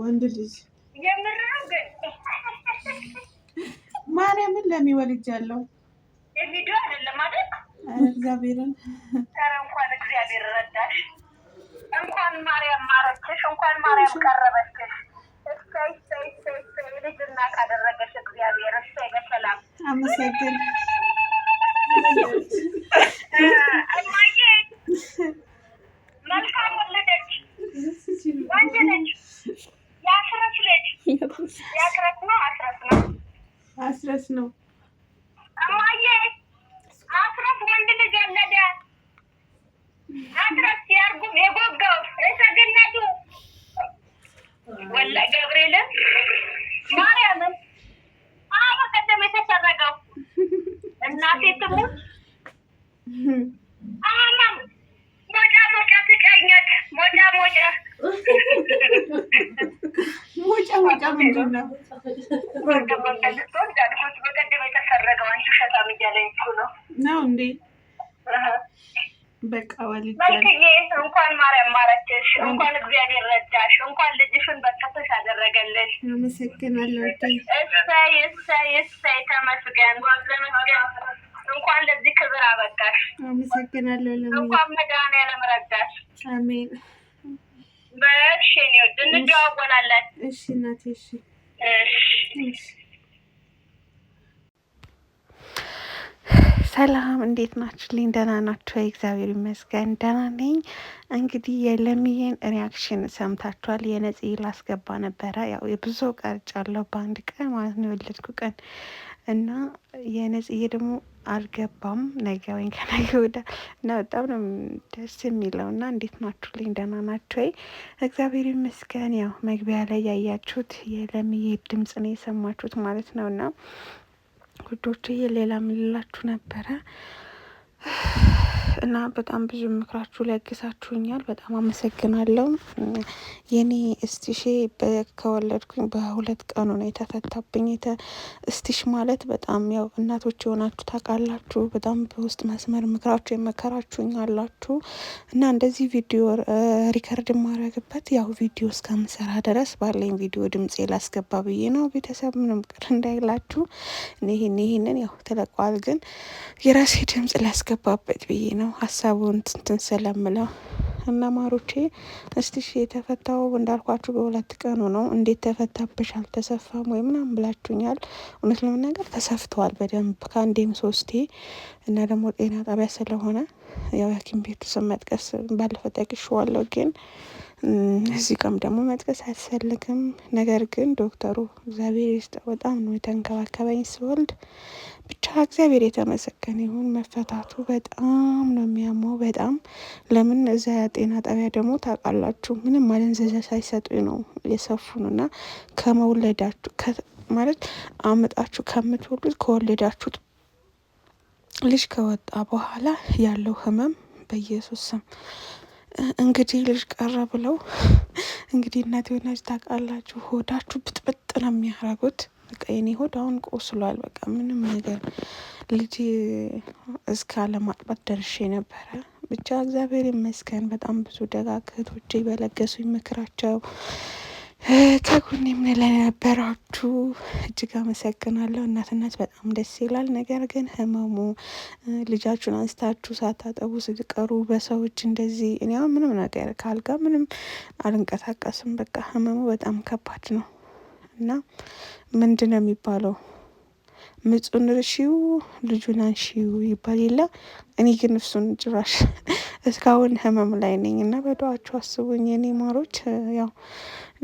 ወንድ ልጅ ማርያምን ለሚወልጅ ያለው የሚዲዮ አይደለም አይደል? እግዚአብሔርን ኧረ እንኳን እግዚአብሔር ረዳሽ፣ እንኳን ማርያም ማረችሽ፣ እንኳን ማርያም ቀረበችሽ። እሰይ እሰይ እግዚአብሔር። እሰይ በሰላም አመሰግን መልካም ወለደች ወንድ ነች አስረስ ነው ምንድን ነው በቃ መልክዬ እንኳን ማርያም ማረችሽ፣ እንኳን እግዚአብሔር ረዳሽ፣ እንኳን ልጅሽን በቅፍሽ አደረገልሽ። አመሰግናለሁ። እሰይ እሰይ እሰይ፣ ተመስገን ተመስገን። እንኳን ለዚህ ክብር አበቃሽ። አመሰግናለሁ። እንኳን መድኃኒዓለም ረዳሽ። አሜን በሽ እንጀዋወላለን። እሺ እናቴ እሺ። ሰላም እንዴት ናችሁልኝ? ደህና ናችሁ? እግዚአብሔር ይመስገን ደህና ነኝ። እንግዲህ የለምዬን ሪያክሽን ሰምታችኋል። የነጽ ላስገባ ነበረ ያው የብዙ ቀርጫለሁ በአንድ ቀን ማለት ነው የወለድኩ ቀን እና የነጽዬ ደግሞ አልገባም ነገ ወይም ከነገ ወዲያ እና በጣም ነው ደስ የሚለው። እና እንዴት ናችሁልኝ? ደህና ናችሁ ወይ? እግዚአብሔር ይመስገን። ያው መግቢያ ላይ ያያችሁት የለምዬ ድምጽ ነው የሰማችሁት ማለት ነው እና ውዶችዬ ሌላ ምልላችሁ ነበረ? እና በጣም ብዙ ምክራችሁ ለግሳችሁኛል። በጣም አመሰግናለሁ። የኔ እስቲሼ ከወለድኩኝ በሁለት ቀኑ ነው የተፈታብኝ። እስቲሽ ማለት በጣም ያው እናቶች የሆናችሁ ታውቃላችሁ። በጣም በውስጥ መስመር ምክራችሁ የመከራችሁኝ አላችሁ እና እንደዚህ ቪዲዮ ሪከርድ የማድረግበት ያው ቪዲዮ እስከምሰራ ድረስ ባለኝ ቪዲዮ ድምጽ ላስገባ ብዬ ነው። ቤተሰብ ምንም ቅር እንዳይላችሁ ይህንን ያው ተለቋል፣ ግን የራሴ ድምጽ ላስገባበት ብዬ ነው ሀሳቡን ትንትን ስለምለው እና ማሮቼ እስቲ የተፈታው እንዳልኳችሁ በሁለት ቀኑ ነው። እንዴት ተፈታብሽ አልተሰፋም ወይ ምናምን ብላችሁኛል። እውነት ለመናገር ተሰፍተዋል በደንብ ከአንዴም ሶስቴ እና ደግሞ ጤና ጣቢያ ስለሆነ ያው ሐኪም ቤቱ ስም መጥቀስ ባለፈ ጠቅሼዋለሁ ግን እዚህ ጋም ደግሞ መጥቀስ አልፈልግም። ነገር ግን ዶክተሩ እግዚአብሔር ይስጥ በጣም ነው የተንከባከበኝ ስወልድ። ብቻ እግዚአብሔር የተመሰገነ ይሁን። መፈታቱ በጣም ነው የሚያመው። በጣም ለምን እዛ ጤና ጣቢያ ደግሞ ታውቃላችሁ ምንም ማደንዘዣ ሳይሰጡ ነው የሰፉን እና ከመውለዳችሁ ማለት አምጣችሁ ከምትወሉት ከወለዳችሁት ልጅ ከወጣ በኋላ ያለው ህመም በኢየሱስ ስም እንግዲህ ልጅ ቀረ ብለው እንግዲህ እናት የሆነች ታውቃላችሁ፣ ሆዳችሁ ብጥብጥ ነው የሚያረጉት በቃ የኔ ሆድ አሁን ቆስሏል። በቃ ምንም ነገር ልጅ እስከ አለማጥባት ደርሼ ነበረ። ብቻ እግዚአብሔር ይመስገን በጣም ብዙ ደጋግ እህቶቼ በለገሱኝ ምክራቸው ከጎን የምንለ የነበራችሁ እጅግ አመሰግናለሁ። እናትነት በጣም ደስ ይላል። ነገር ግን ህመሙ ልጃችሁን አንስታችሁ ሳታጠቡ ስትቀሩ በሰዎች እንደዚህ እኔ አሁን ምንም ነገር ካልጋ ምንም አልንቀሳቀስም። በቃ ህመሙ በጣም ከባድ ነው እና ምንድን ነው የሚባለው? ምጹን ርሺው ልጁን አንሺው ይባል የለ። እኔ ግን እሱን ጭራሽ እስካሁን ህመም ላይ ነኝ እና በዱዓችሁ አስቡኝ የኔ ማሮች ያው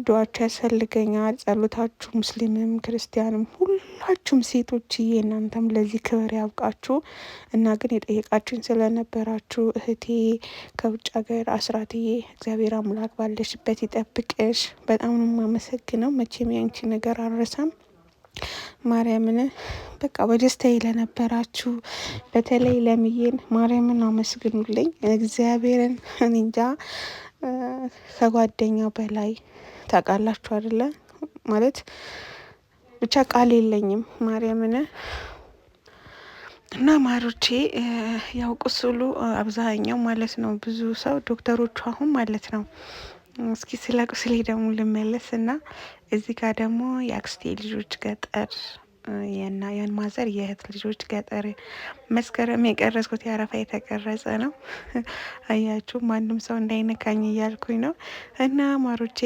ዱዋችሁ ያስፈልገኛል። ጸሎታችሁ ሙስሊምም ክርስቲያንም ሁላችሁም ሴቶችዬ እናንተም ለዚህ ክብር ያብቃችሁ እና ግን የጠየቃችሁን ስለነበራችሁ እህቴ ከውጭ ሀገር አስራትዬ እግዚአብሔር አምላክ ባለሽበት ይጠብቅሽ። በጣም ነው የማመሰግነው። መቼም ያንቺ ነገር አልረሳም። ማርያምን በቃ በደስታ ለነበራችሁ በተለይ ለምዬን ማርያምን አመስግኑልኝ። እግዚአብሔርን እንጃ ከጓደኛ በላይ ታውቃላችሁ አይደለ? ማለት ብቻ ቃል የለኝም ማርያምን እና ማሮቼ ያው ቁስሉ አብዛኛው ማለት ነው ብዙ ሰው ዶክተሮቹ አሁን ማለት ነው። እስኪ ስለ ቁስሌ ደግሞ ልመለስ እና እዚህ ጋር ደግሞ የአክስቴ ልጆች ገጠር እና ያን ማዘር የእህት ልጆች ገጠር መስከረም የቀረጽኩት የአረፋ የተቀረጸ ነው። አያችሁ ማንም ሰው እንዳይነካኝ እያልኩኝ ነው። እና ማሮቼ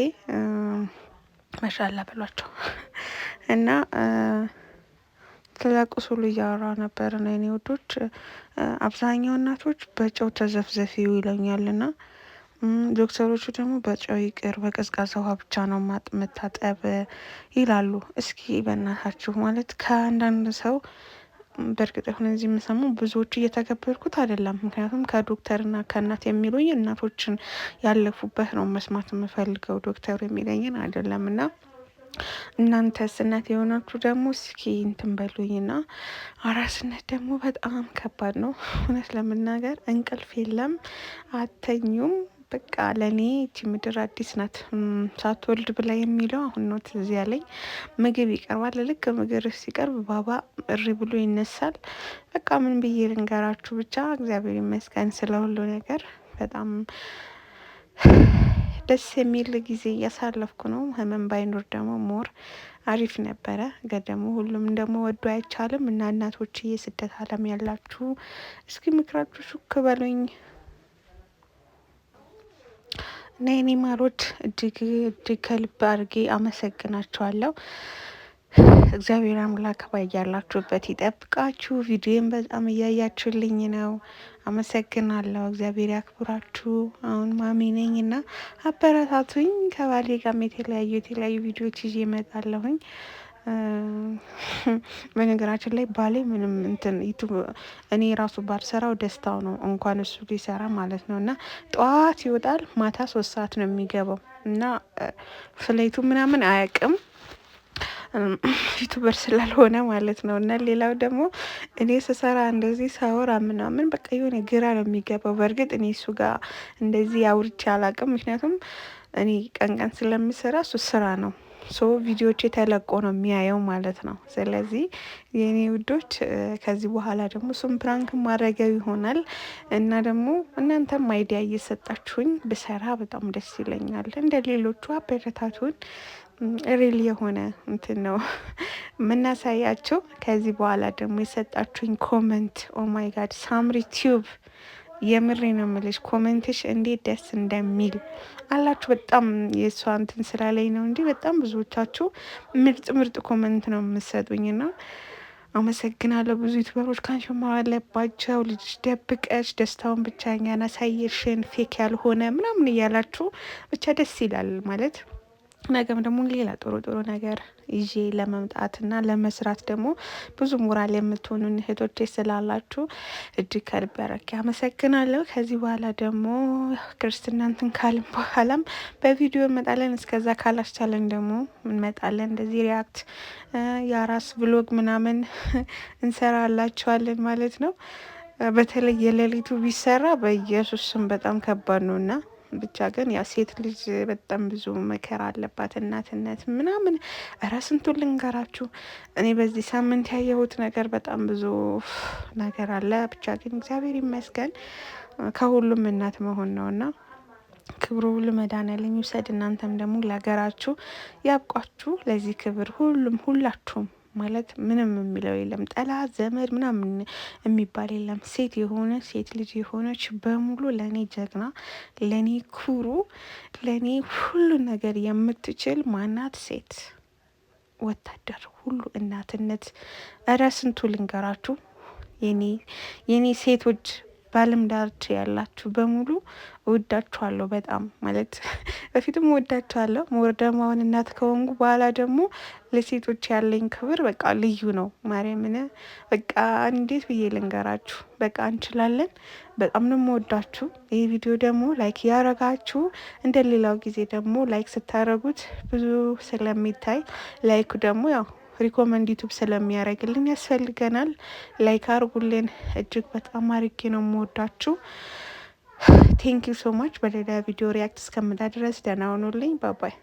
መሻላ በሏቸው እና ስለ ቁስሉ እያወራ ነበር ነው የኔ ውዶች። አብዛኛው እናቶች በጨው ተዘፍዘፊው ና ዶክተሮቹ ደግሞ በጨው ይቅር በቀዝቃዛ ውሃ ብቻ ነው መታጠብ ይላሉ። እስኪ በእናታችሁ ማለት ከአንዳንድ ሰው በእርግጥ ሁን እዚህ የምሰሙ ብዙዎቹ እየተገበርኩት አይደለም። ምክንያቱም ከዶክተርና ከእናት የሚሉኝ እናቶችን ያለፉበት ነው መስማት የምፈልገው ዶክተሩ የሚለኝን አይደለም። እና እናንተስ እናት የሆናችሁ ደግሞ እስኪ እንትን በሉኝና፣ አራስነት ደግሞ በጣም ከባድ ነው። እውነት ለመናገር እንቅልፍ የለም፣ አተኙም በቃ ለእኔ ይቺ ምድር አዲስ ናት። ሳትወልድ ብላ የሚለው አሁን ነው ትዝ ያለኝ። ምግብ ይቀርባል። ልክ ምግብ ሲቀርብ ባባ እሪ ብሎ ይነሳል። በቃ ምን ብዬ ልንገራችሁ። ብቻ እግዚአብሔር ይመስገን ስለ ሁሉ ነገር በጣም ደስ የሚል ጊዜ እያሳለፍኩ ነው። ህመም ባይኖር ደግሞ ሞር አሪፍ ነበረ። ግን ደግሞ ሁሉም ደግሞ ወዶ አይቻልም እና እናቶች ስደት ዓለም ያላችሁ እስኪ ምክራችሁ ሹክ በሉኝ። እና የኔ ማሮች እጅግ እጅግ ከልብ አድርጌ አመሰግናቸዋለሁ። እግዚአብሔር አምላክ ባያላችሁበት ይጠብቃችሁ። ቪዲዮን በጣም እያያችሁልኝ ነው፣ አመሰግናለሁ። እግዚአብሔር ያክብራችሁ። አሁን ማሚ ነኝ እና አበረታቱኝ። ከባሌ ጋም የተለያዩ የተለያዩ ቪዲዮዎች ይዤ እመጣለሁኝ። በነገራችን ላይ ባሌ ምንም እንትን ዩቱብ እኔ ራሱ ባልሰራው ደስታው ነው፣ እንኳን እሱ ሊሰራ ማለት ነው። እና ጠዋት ይወጣል፣ ማታ ሶስት ሰዓት ነው የሚገባው እና ፍለይቱ ምናምን አያውቅም ዩቱበር ስላልሆነ ማለት ነው። እና ሌላው ደግሞ እኔ ስሰራ እንደዚህ ሳወራ ምናምን በቃ የሆነ ግራ ነው የሚገባው። በእርግጥ እኔ እሱ ጋር እንደዚህ አውርቼ አላውቅም፣ ምክንያቱም እኔ ቀን ቀን ስለምሰራ እሱ ስራ ነው ሶ ቪዲዮዎች የተለቆ ነው የሚያየው ማለት ነው። ስለዚህ የኔ ውዶች ከዚህ በኋላ ደግሞ እሱም ፕራንክ ማድረገው ይሆናል እና ደግሞ እናንተም አይዲያ እየሰጣችሁኝ ብሰራ በጣም ደስ ይለኛል። እንደ ሌሎቹ አበረታቱን። ሪል የሆነ እንትን ነው የምናሳያቸው። ከዚህ በኋላ ደግሞ የሰጣችሁኝ ኮመንት ኦማይ ጋድ ሳምሪ ቲዩብ የምሬ ነው የምልሽ። ኮሜንትሽ እንዴት ደስ እንደሚል አላችሁ። በጣም የእሷ እንትን ስላለኝ ነው እንጂ በጣም ብዙዎቻችሁ ምርጥ ምርጥ ኮሜንት ነው የምትሰጡኝና አመሰግናለሁ። ብዙ ዩቱበሮች ካንሽ ማለባቸው ልጅ ደብቀች ደስታውን ብቻ እኛን አሳየሽን ፌክ ያልሆነ ምናምን እያላችሁ ብቻ ደስ ይላል ማለት ነገም ደግሞ ሌላ ጥሩ ጥሩ ነገር ይዤ ለመምጣትና ለመስራት ደግሞ ብዙ ሞራል የምትሆኑ እህቶች ስላላችሁ እጅግ ከልብ ያረክ አመሰግናለሁ። ከዚህ በኋላ ደግሞ ክርስትና እንትን ካልን በኋላም በቪዲዮ እንመጣለን። እስከዛ ካላስቻለን ደግሞ እንመጣለን። እንደዚህ ሪያክት የአራስ ብሎግ ምናምን እንሰራላችኋለን ማለት ነው። በተለይ የሌሊቱ ቢሰራ በኢየሱስም በጣም ከባድ ነው ነውና ብቻ ግን ያ ሴት ልጅ በጣም ብዙ መከራ አለባት። እናትነት ምናምን እረ ስንቱን ልንገራችሁ። እኔ በዚህ ሳምንት ያየሁት ነገር በጣም ብዙ ነገር አለ። ብቻ ግን እግዚአብሔር ይመስገን ከሁሉም እናት መሆን ነውና ክብሩ ለመድኃኔዓለም ይውሰድ። እናንተም ደግሞ ለሀገራችሁ ያብቋችሁ። ለዚህ ክብር ሁሉም ሁላችሁም ማለት ምንም የሚለው የለም። ጠላት ዘመድ ምናምን የሚባል የለም። ሴት የሆነ ሴት ልጅ የሆነች በሙሉ ለእኔ ጀግና፣ ለእኔ ኩሩ፣ ለእኔ ሁሉ ነገር የምትችል ማናት? ሴት ወታደር ሁሉ እናትነት። እረ ስንቱ ልንገራችሁ የኔ ሴቶች በዓለም ዳርቻ ያላችሁ በሙሉ እወዳችኋለሁ። በጣም ማለት በፊትም እወዳችኋለሁ፣ ሞር ደግሞ አሁን እናት ከሆንኩ በኋላ ደግሞ ለሴቶች ያለኝ ክብር በቃ ልዩ ነው። ማርያምን በቃ እንዴት ብዬ ልንገራችሁ? በቃ እንችላለን። በጣም ነው የምወዳችሁ። ይህ ቪዲዮ ደግሞ ላይክ ያደረጋችሁ እንደሌላው ጊዜ ደግሞ ላይክ ስታረጉት ብዙ ስለሚታይ ላይኩ ደግሞ ያው ሪኮመንድ ዩቱብ ስለሚያደርግልን ያስፈልገናል። ላይክ አርጉልን። እጅግ በጣም አርጌ ነው የምወዳችሁ። ዩ ሶ ማች። በሌላ ቪዲዮ ሪያክት እስከምዳ ድረስ ደህና ሆኑልኝ። ባባይ